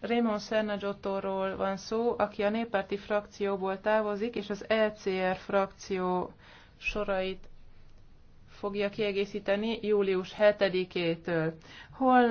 Raymond Sernagiottóról van szó, aki a néppárti frakcióból távozik, és az ECR frakció sorait fogja kiegészíteni július 7-től. Hol